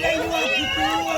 Play you up, you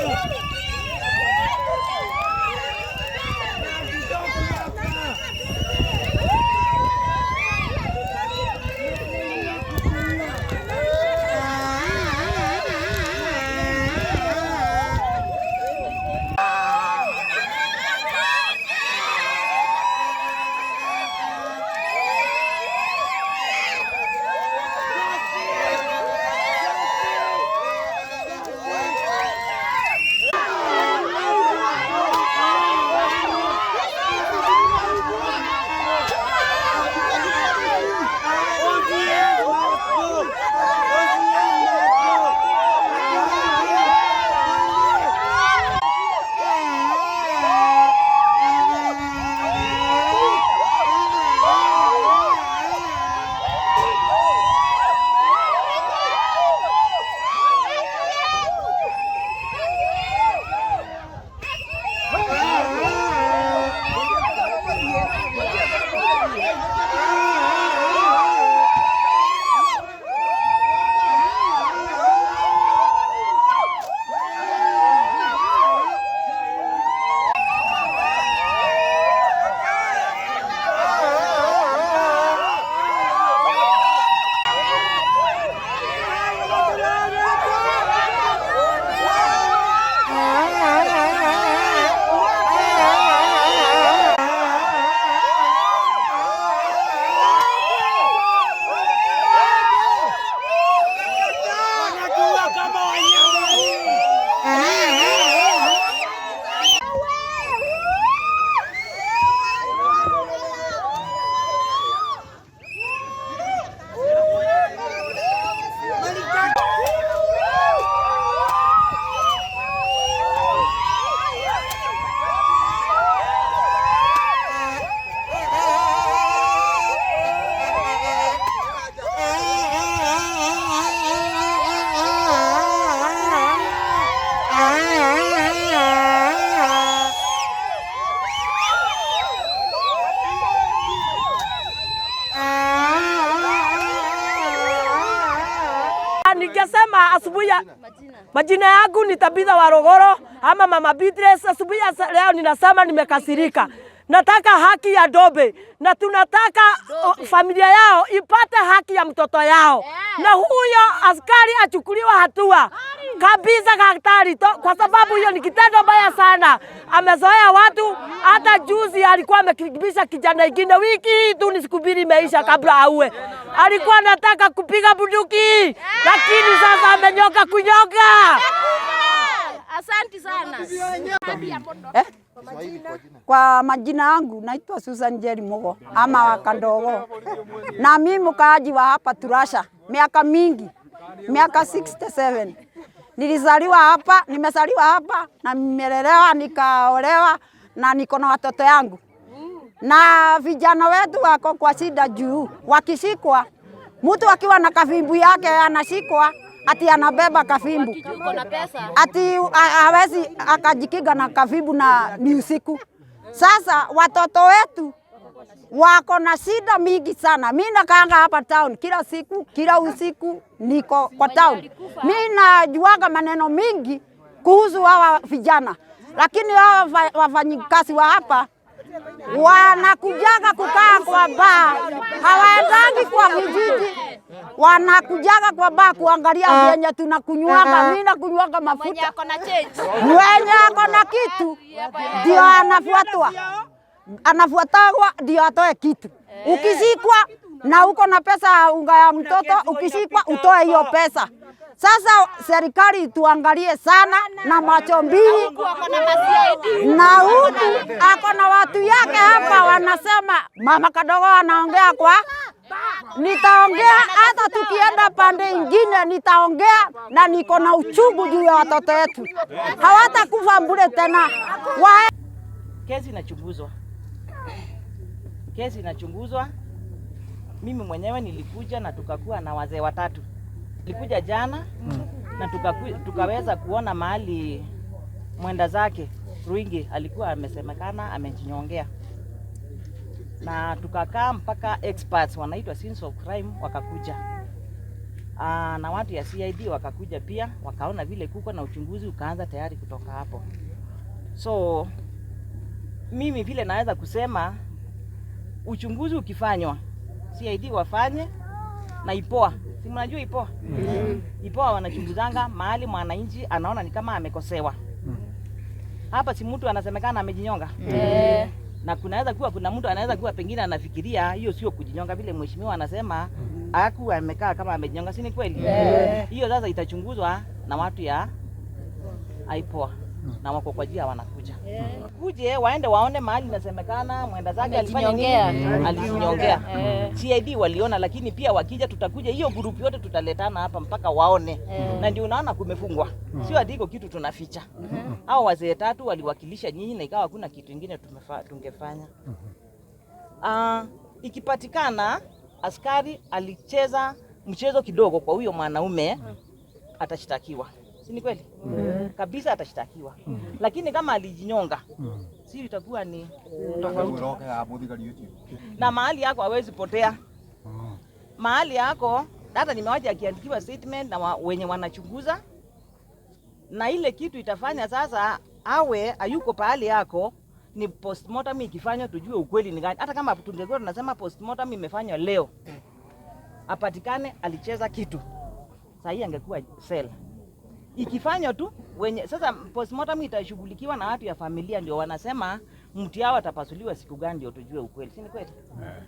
asubuhi ya majina yangu ni Tabitha wa Rogoro ama mama Beatrice. Asubuhi ya leo ninasema nimekasirika, nataka haki ya Dobe na tunataka Dobe, familia yao ipate haki ya mtoto yao, yeah. Na huyo askari achukuliwa hatua ah kabisa daktari, kwa sababu hiyo ni kitendo mbaya sana. Amezoea watu. Hata juzi alikuwa amekimbisha kijana ingine, wiki hii tu ni siku mbili imeisha kabla auwe. Alikuwa anataka kupiga bunduki, lakini sasa amenyoka kunyoka. Asante sana. Eh? Kwa majina yangu naitwa Susan Jerry Mugo ama Wakandogo, na mimi mkaaji wa hapa Turasha miaka mingi, miaka 67 Nilizaliwa hapa, nimezaliwa hapa na nimelelewa, nikaolewa na niko na watoto yangu, na vijana wetu wako kwa shida juu wakishikwa, mtu akiwa na kafimbu yake anashikwa ati anabeba kafimbu ati hawezi akajikiga na kafimbu na ni usiku. Sasa watoto wetu wako na shida mingi sana. Mi nakaanga hapa town kila siku, kila usiku niko kwa town. Mi najuaga maneno mingi kuhusu hawa vijana, lakini hawa wafanyikazi wa hapa wanakujaga kukaa kwa baa, hawaendangi kwa vijiji, wanakujaga kwa baa kuangalia ah. venye tunakunywaga. Mimi ah. nakunywaga mafuta, mwenye ako na kitu ndio anafuatwa anafuatagwa ndio atoe kitu. Eh. Ukizikwa na uko na pesa unga ya mtoto, ukizikwa utoe hiyo pesa. Sasa serikali tuangalie sana na macho mbili, na huku ako na watu yake hapa wanasema, mama Kadogo anaongea kwa nitaongea hata tukienda pande ingine, nitaongea na niko na uchungu juu ya watoto wetu, hawatakufa mbure tena. Kesi inachunguzwa kesi inachunguzwa. Mimi mwenyewe nilikuja na tukakuwa na wazee watatu, nilikuja jana mm. na tukaku, tukaweza kuona mahali mwenda zake Ruingi alikuwa amesemekana amejinyongea, na tukakaa mpaka experts wanaitwa scenes of crime wakakuja. Aa, ah, na watu ya CID wakakuja pia wakaona vile kuko na uchunguzi ukaanza tayari kutoka hapo. So mimi vile naweza kusema uchunguzi ukifanywa CID wafanye na IPOA, si mnajua IPOA? Mm. IPOA wanachunguzanga mahali mwananchi anaona ni kama amekosewa. Mm-hmm. Hapa si mtu anasemekana amejinyonga. Mm. E, na kunaweza kuwa kuna mtu anaweza kuwa pengine anafikiria hiyo sio kujinyonga, vile mheshimiwa anasema aku amekaa kama amejinyonga, si ni kweli? Hiyo e, sasa itachunguzwa na watu ya IPOA na wako kwa jia wanakuja kuje eh. waende waone mahali inasemekana mwenda zake alifanya nini, CID eh, eh. waliona, lakini pia wakija, tutakuja hiyo group yote tutaletana hapa mpaka waone. Na ndio unaona kumefungwa, mm. sio adiko kitu tunaficha. Mm-hmm. Hao wazee tatu waliwakilisha nyinyi na ikawa hakuna kitu kingine tungefanya. Mm-hmm. Ah, ikipatikana askari alicheza mchezo kidogo kwa huyo mwanaume, mm. atashtakiwa si ni kweli? Mm. Kabisa atashtakiwa. Mm. Lakini kama alijinyonga, mm. si itakuwa ni tofauti. Na mahali yako hawezi potea. Mm. Mahali yako hata nimewaja akiandikiwa statement na wenye wanachunguza na ile kitu itafanya sasa awe ayuko pahali yako ni postmortem ikifanywa, tujue ukweli ni gani. Hata kama tungekuwa tunasema postmortem imefanywa leo apatikane alicheza kitu, sahii angekuwa sela ikifanywa tu wenye sasa postmortem itashughulikiwa na watu ya familia, ndio wanasema mti hao atapasuliwa siku gani, ndio tujue ukweli, si ni kweli? Eh.